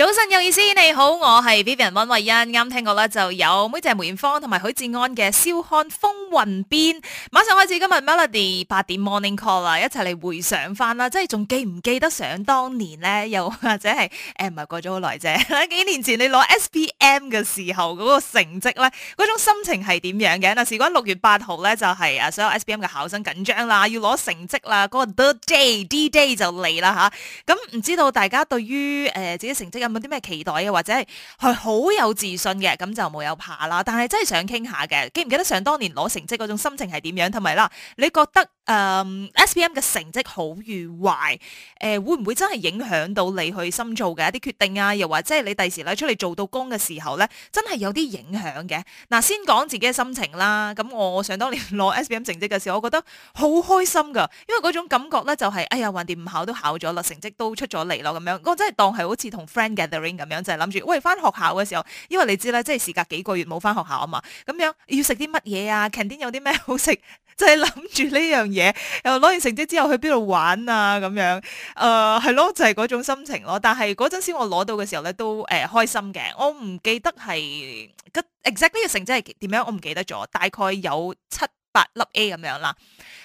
早晨有意思，你好，我係 Vivian 溫慧欣。啱聽過咧，就有梅姐梅艷芳同埋許志安嘅《笑看風雲變》，馬上開始今日 Melody 八點 Morning Call 啦，一齊嚟，回想翻啦，即係仲記唔記得想當年咧？又或者係誒唔係過咗好耐啫？幾年前你攞 S P M 嘅時候嗰個成績咧，嗰種心情係點樣嘅？嗱，事關六月八號咧，就係、是、啊所有 S P M 嘅考生緊張啦，要攞成績啦，嗰、那個 D Day D Day 就嚟啦吓。咁、啊、唔、嗯、知道大家對於誒、呃、自己成績嘅？有冇啲咩期待啊？或者係好有自信嘅，咁就冇有怕啦。但係真係想傾下嘅，記唔記得想當年攞成績嗰種心情係點樣，同埋啦，你覺得？誒、um, SPM 嘅成績好與壞，誒、呃、會唔會真係影響到你去深造嘅一啲決定啊？又或者係你第時咧出嚟做到工嘅時候咧，真係有啲影響嘅。嗱，先講自己嘅心情啦。咁我想當年攞 SPM 成績嘅時候，我覺得好開心㗎，因為嗰種感覺咧就係、是，哎呀，橫掂唔考都考咗啦，成績都出咗嚟啦，咁樣我真係當係好似同 friend gathering 咁樣，就係諗住，喂，翻學校嘅時候，因為你知啦，即係時隔幾個月冇翻學校啊嘛，咁樣要食啲乜嘢啊？Canteen 有啲咩好食？ 就係諗住呢樣嘢，又攞完成績之後去邊度玩啊咁樣，誒係咯，就係、是、嗰種心情咯。但係嗰陣時我攞到嘅時候咧，都誒、呃、開心嘅。我唔記得係個 exactly 嘅成績係點樣，我唔記得咗，大概有七。八粒 A 咁樣啦，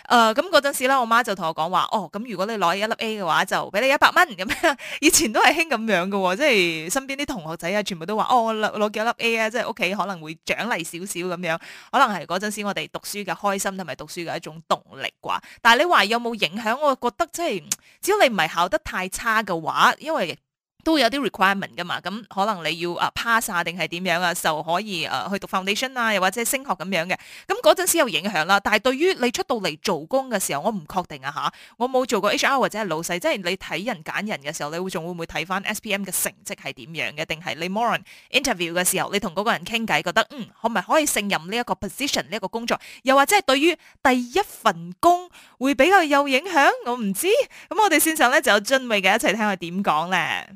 誒，咁嗰陣時咧，我媽就同我講話，哦，咁如果你攞一粒 A 嘅話，就俾你一百蚊咁樣。以前都係興咁樣嘅，即係身邊啲同學仔啊，全部都話，哦，我攞幾粒 A 啊，即係屋企可能會獎勵少少咁樣，可能係嗰陣時我哋讀書嘅開心同埋讀書嘅一種動力啩。但係你話有冇影響，我覺得即係只要你唔係考得太差嘅話，因為，都有啲 requirement 噶嘛，咁可能你要啊 pass 下定係點樣啊，就可以誒、呃、去讀 foundation 啊，又或者升學咁樣嘅。咁嗰陣時有影響啦，但係對於你出到嚟做工嘅時候，我唔確定啊吓，我冇做過 HR 或者係老細，即係你睇人揀人嘅時候，你還會仲會唔會睇翻 SPM 嘅成績係點樣嘅，定係你 more on interview 嘅時候，你同嗰個人傾偈，覺得嗯可唔可以勝任呢一個 position 呢一個工作，又或者係對於第一份工會比較有影響，我唔知道。咁我哋線上咧就有津偉嘅一齊聽下點講咧。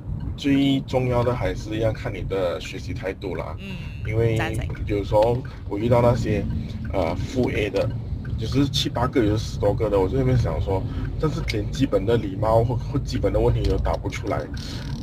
最重要的還是要看你的學習態度啦，嗯，因為有時候我遇到那些，啊、呃、負 A 的，就是七八個，有十多個的，我在那邊想說，但是連基本的禮貌或或基本的問題都答不出來，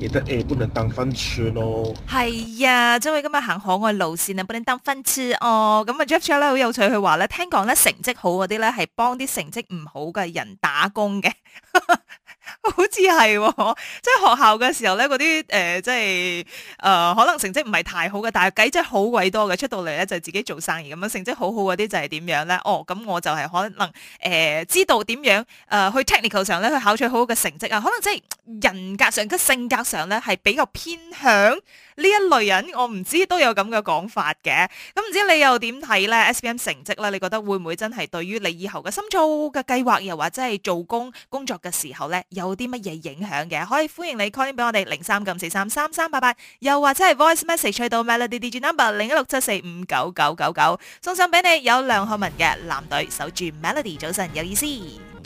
你的 A 不能當飯吃咯。係呀，張偉今日行可愛路線啊，不能當飯吃哦。咁、哦、啊 Jeff Charles 好有趣，佢話咧，聽講咧成績好嗰啲咧係幫啲成績唔好嘅人打工嘅。 好似係、哦，即係學校嘅時候咧，嗰啲誒，即係誒、呃，可能成績唔係太好嘅，但係計真好鬼多嘅，出到嚟咧就係、自己做生意咁樣，成績好好嗰啲就係點樣咧？哦，咁我就係可能誒、呃，知道點樣誒、呃，去 technical 上咧去考取好好嘅成績啊，可能即係人格上、跟性格上咧係比較偏向。呢一類人，我唔知都有咁嘅講法嘅。咁唔知你又點睇咧？SPM 成績咧，你覺得會唔會真係對於你以後嘅深造嘅計劃，又或者係做工工作嘅時候咧，有啲乜嘢影響嘅？可以歡迎你 call in 俾我哋零三九五四三三三八八，又或者係 voice message 去到 melody digital number 零一六七四五九九九九送上俾你。有梁浩文嘅藍隊守住 melody 早晨有意思。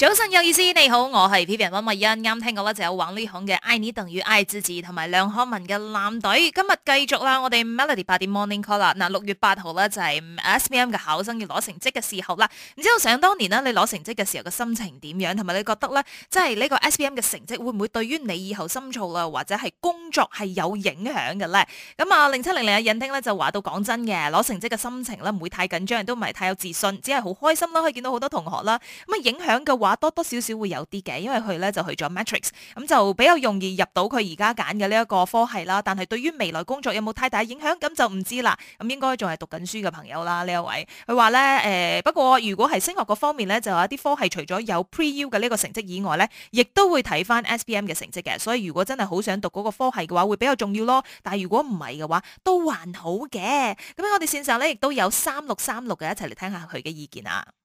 早晨有意思，你好，我係 Vivian 溫慧欣。啱聽過咧就有玩呢行嘅艾尼頓與艾滋滋，同埋梁漢文嘅男隊。今日繼續啦，我哋 Melody 八點 Morning Call 啦。嗱、呃，六月八號咧就係、是、SPM 嘅考生要攞成績嘅時候啦。唔知道想當年呢，你攞成績嘅時候嘅心情點樣？同埋你覺得咧，即係呢個 SPM 嘅成績會唔會對於你以後深造啊，或者係工作係有影響嘅咧？咁啊、呃，零七零零嘅引聽咧就話到說的，講真嘅，攞成績嘅心情咧唔會太緊張，亦都唔係太有自信，只係好開心啦，可以見到好多同學啦。咁啊，影響嘅話。多多少少會有啲嘅，因為佢咧就去咗 Matrix，咁、嗯、就比較容易入到佢而家揀嘅呢一個科系啦。但係對於未來工作有冇太大影響，咁就唔知啦。咁、嗯、應該仲係讀緊書嘅朋友啦，呢一位佢話咧，誒、呃，不過如果係升學嗰方面咧，就有一啲科系除咗有 PreU 嘅呢個成績以外咧，亦都會睇翻 SPM 嘅成績嘅。所以如果真係好想讀嗰個科系嘅話，會比較重要咯。但係如果唔係嘅話，都還好嘅。咁我哋線上咧亦都有三六三六嘅一齊嚟聽下佢嘅意見啊。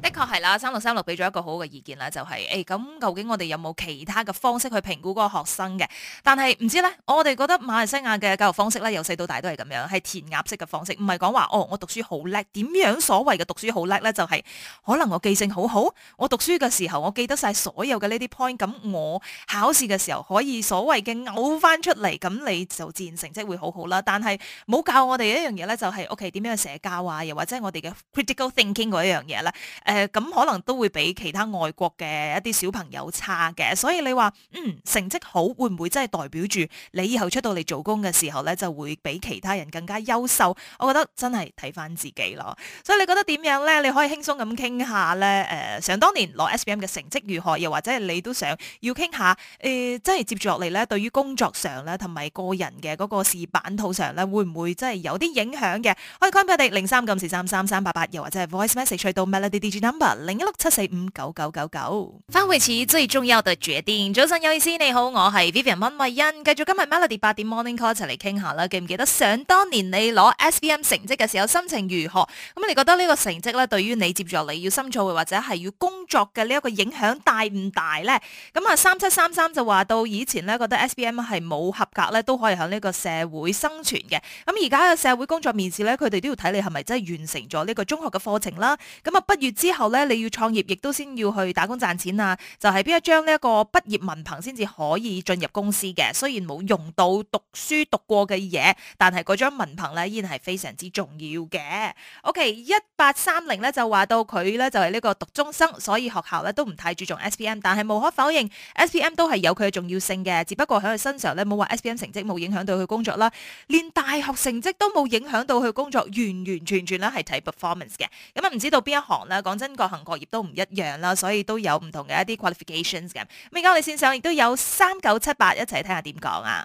的確係啦，三六三六俾咗一個好嘅意見啦，就係誒咁究竟我哋有冇其他嘅方式去評估嗰個學生嘅？但係唔知咧，我哋覺得馬來西亞嘅教育方式咧，由細到大都係咁樣，係填鴨式嘅方式，唔係講話哦，我讀書好叻，點樣所謂嘅讀書好叻咧？就係、是、可能我記性好好，我讀書嘅時候我記得晒所有嘅呢啲 point，咁我考試嘅時候可以所謂嘅嘔翻出嚟，咁你就自然成績會好好啦。但係冇教我哋一樣嘢咧，就係 O K 點樣社交啊，又或者係我哋嘅 critical thinking 嗰一樣嘢咧。誒、呃、咁可能都會比其他外國嘅一啲小朋友差嘅，所以你話嗯成績好會唔會真係代表住你以後出到嚟做工嘅時候咧，就會比其他人更加優秀？我覺得真係睇翻自己咯。所以你覺得點樣咧？你可以輕鬆咁傾下咧。誒、呃，想當年攞 SPM 嘅成績如何？又或者係你都想要傾下、呃、即係接住落嚟咧，對於工作上咧同埋個人嘅嗰個事業版圖上咧，會唔會真係有啲影響嘅？可以 call 我哋零三九五四三三三八八，又或者係 voice message 去到 Melody DJ。number 零一六七四五九九九九，翻回似最重要嘅決定。早晨有意思，你好，我係 Vivian 溫慧欣，繼續今日 Melody 八點 Morning Call 一齊嚟傾下啦。記唔記得想當年你攞 SPM 成績嘅時候心情如何？咁你覺得呢個成績咧，對於你接住你要深造或者係要工作嘅呢一個影響大唔大咧？咁啊三七三三就話到以前咧覺得 SPM 係冇合格咧都可以喺呢個社會生存嘅。咁而家嘅社會工作面試咧，佢哋都要睇你係咪真係完成咗呢個中學嘅課程啦。咁啊，畢業之之後咧，你要創業亦都先要去打工賺錢啊！就係邊一張呢一個畢業文憑先至可以進入公司嘅。雖然冇用到讀書讀過嘅嘢，但係嗰張文憑咧依然係非常之重要嘅。O K，一八三零咧就話到佢咧就係呢個讀中生，所以學校咧都唔太注重 S P M。但係無可否認，S P M 都係有佢嘅重要性嘅。只不過喺佢身上咧冇話 S P M 成績冇影響到佢工作啦，連大學成績都冇影響到佢工作，完完全全咧係睇 performance 嘅。咁啊唔知道邊一行啦講。真各行各業都唔一樣啦，所以都有唔同嘅一啲 qualifications 嘅。咁而家我哋線上亦都有三九七八一齊睇下點講啊！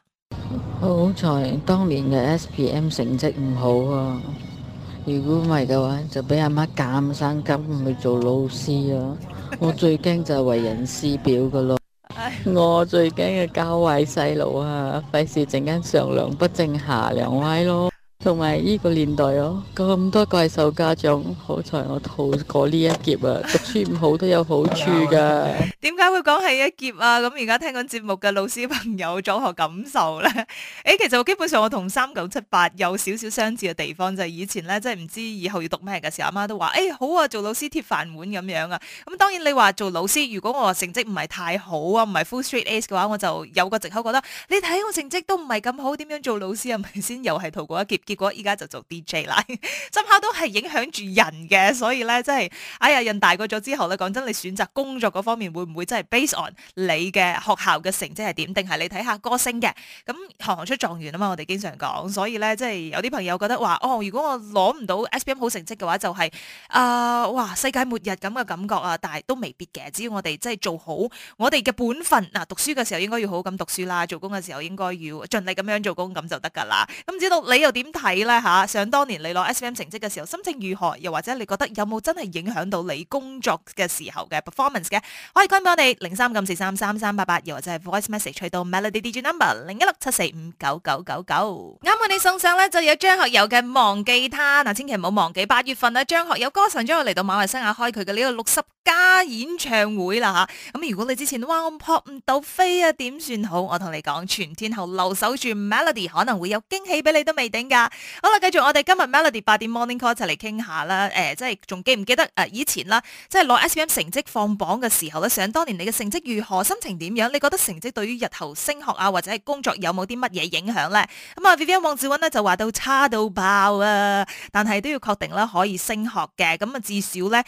好彩當年嘅 SPM 成績唔好啊，如果唔係嘅話就俾阿媽減薪，咁唔去做老師啊！我最驚就係為人師表㗎咯， 我最驚嘅教壞細路啊，費事陣間上梁不正下梁歪咯。同埋呢個年代哦，咁多怪獸家長，好彩我逃過呢一劫啊！讀書唔好都有好處㗎。點解會講係一劫啊？咁而家聽緊節目嘅老師朋友，講下感受咧。誒，其實我基本上我同三九七八有少少相似嘅地方就係、是、以前咧，真係唔知以後要讀咩嘅時候，阿媽都話：誒、欸、好啊，做老師鐵飯碗咁樣啊。咁當然你話做老師，如果我成績唔係太好啊，唔係 full straight ace 嘅話，我就有個藉口覺得你睇我成績都唔係咁好，點樣做老師啊？咪先又係逃過一劫。結果依家就做 DJ 啦，真係都係影響住人嘅，所以咧，真係哎呀人大個咗之後咧，講真，你選擇工作嗰方面會唔會真係 base on 你嘅學校嘅成績係點？定係你睇下歌星嘅？咁行行出狀元啊嘛，我哋經常講，所以咧，即係有啲朋友覺得話哦，如果我攞唔到 SPM 好成績嘅話，就係、是、啊、呃、哇世界末日咁嘅感覺啊，但係都未必嘅，只要我哋即係做好我哋嘅本分嗱、啊，讀書嘅時候應該要好好咁讀書啦，做工嘅時候應該要盡力咁樣做工咁就得噶啦。咁唔知道你又點？睇啦嚇，想當年你攞 SPM 成績嘅時候，心情如何？又或者你覺得有冇真係影響到你工作嘅時候嘅 performance 嘅？可以關閉我哋零三五四三三三八八，03 -3 -3 -3 -8 -8, 又或者係 voice message 去到 melody DJ number 零一六七四五九九九九。啱我哋送上咧就有張學友嘅忘記他嗱，千祈唔好忘記八月份啊張學友歌神將會嚟到馬來西亞開佢嘅呢個六十加演唱會啦嚇。咁如果你之前哇我撲唔到飛啊點算好？我同你講全天候留守住 melody 可能會有驚喜俾你都未定㗎。好啦，繼續我哋今日 Melody 八點 Morning Call 就嚟傾下啦，誒、呃，即係仲記唔記得誒、呃、以前啦，即係攞 SPM 成績放榜嘅時候咧，想當年你嘅成績如何，心情點樣？你覺得成績對於日後升學啊或者係工作有冇啲乜嘢影響咧？咁、嗯、啊，Vivian 王志温咧就話到差到爆啊，但係都要確定啦，可以升學嘅，咁、嗯、啊至少咧，誒、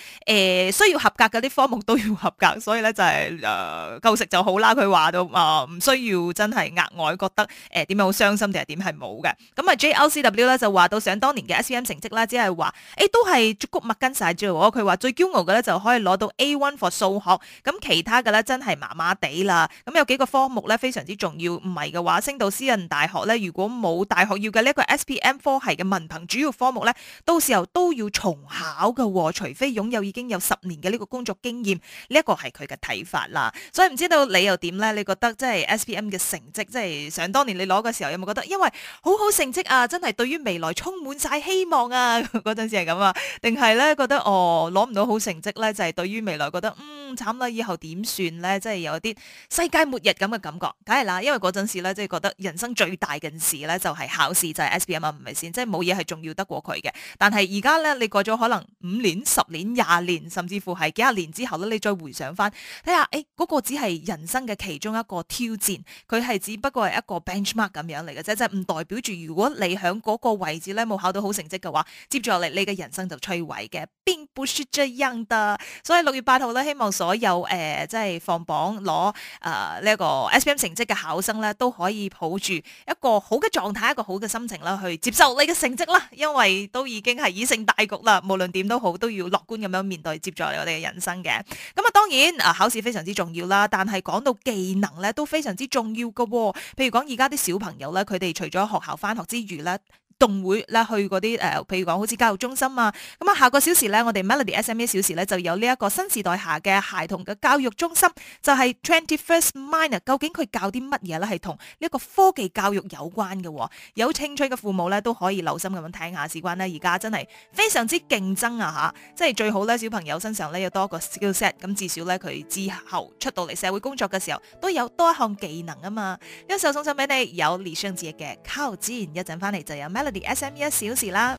呃、需要合格嗰啲科目都要合格，所以咧就係誒夠食就好啦。佢話到啊，唔、呃、需要真係額外覺得誒點、呃、樣好傷心定係點係冇嘅。咁、嗯、啊 j l c 就話到，想當年嘅 SPM 成績啦，只係話誒都係谷骨麥根曬住。佢話最驕傲嘅咧，就可以攞到 A1 for 數學。咁其他嘅咧，真係麻麻地啦。咁有幾個科目咧，非常之重要，唔係嘅話升到私人大學咧，如果冇大學要嘅呢個 SPM 科系嘅文憑主要科目咧，到時候都要重考㗎。除非擁有已經有十年嘅呢個工作經驗，呢一個係佢嘅睇法啦。所以唔知道你又點咧？你覺得即係 SPM 嘅成績，即係想當年你攞嘅時候，有冇覺得因為好好成績啊，真係對？對於未來充滿晒希望啊！嗰 陣時係咁啊，定係咧覺得哦攞唔到好成績咧，就係、是、對於未來覺得嗯慘啦，以後點算咧？即、就、係、是、有啲世界末日咁嘅感覺，梗係啦，因為嗰陣時咧即係覺得人生最大嘅事咧就係、是、考試就係、是、SPM 啊。唔係先，即係冇嘢係重要得過佢嘅。但係而家咧，你過咗可能五年、十年、廿年，甚至乎係幾廿年之後咧，你再回想翻，睇下誒嗰個只係人生嘅其中一個挑戰，佢係只不過係一個 benchmark 咁樣嚟嘅啫，即係唔代表住如果你響。嗰個位置咧冇考到好成績嘅話，接住落嚟你嘅人生就摧毀嘅。並不是這樣嘅？所以六月八號咧，希望所有誒即係放榜攞誒呢一個 SPM 成績嘅考生咧，都可以抱住一個好嘅狀態，一個好嘅心情啦，去接受你嘅成績啦。因為都已經係以成大局啦，無論點都好，都要樂觀咁樣面對接住嚟我哋嘅人生嘅。咁啊，當然啊，考試非常之重要啦，但係講到技能咧都非常之重要嘅、哦。譬如講而家啲小朋友咧，佢哋除咗學校返學之餘咧，動會啦，去嗰啲誒，譬如講好似教育中心啊，咁啊下個小時咧，我哋 Melody SMA 小時咧就有呢一個新時代下嘅孩童嘅教育中心，就係、是、Twenty First Minor，究竟佢教啲乜嘢咧？係同呢一個科技教育有關嘅、哦，有青春嘅父母咧都可以留心咁樣睇下，事關呢，而家真係非常之競爭啊吓，即、啊、係最好咧小朋友身上咧有多個個 skill set，咁至少咧佢之後出到嚟社會工作嘅時候都有多一項技能啊嘛，一、這個、候送上俾你，有理想志嘅，靠自然一陣翻嚟就有咩？啲 SPM 小事啦。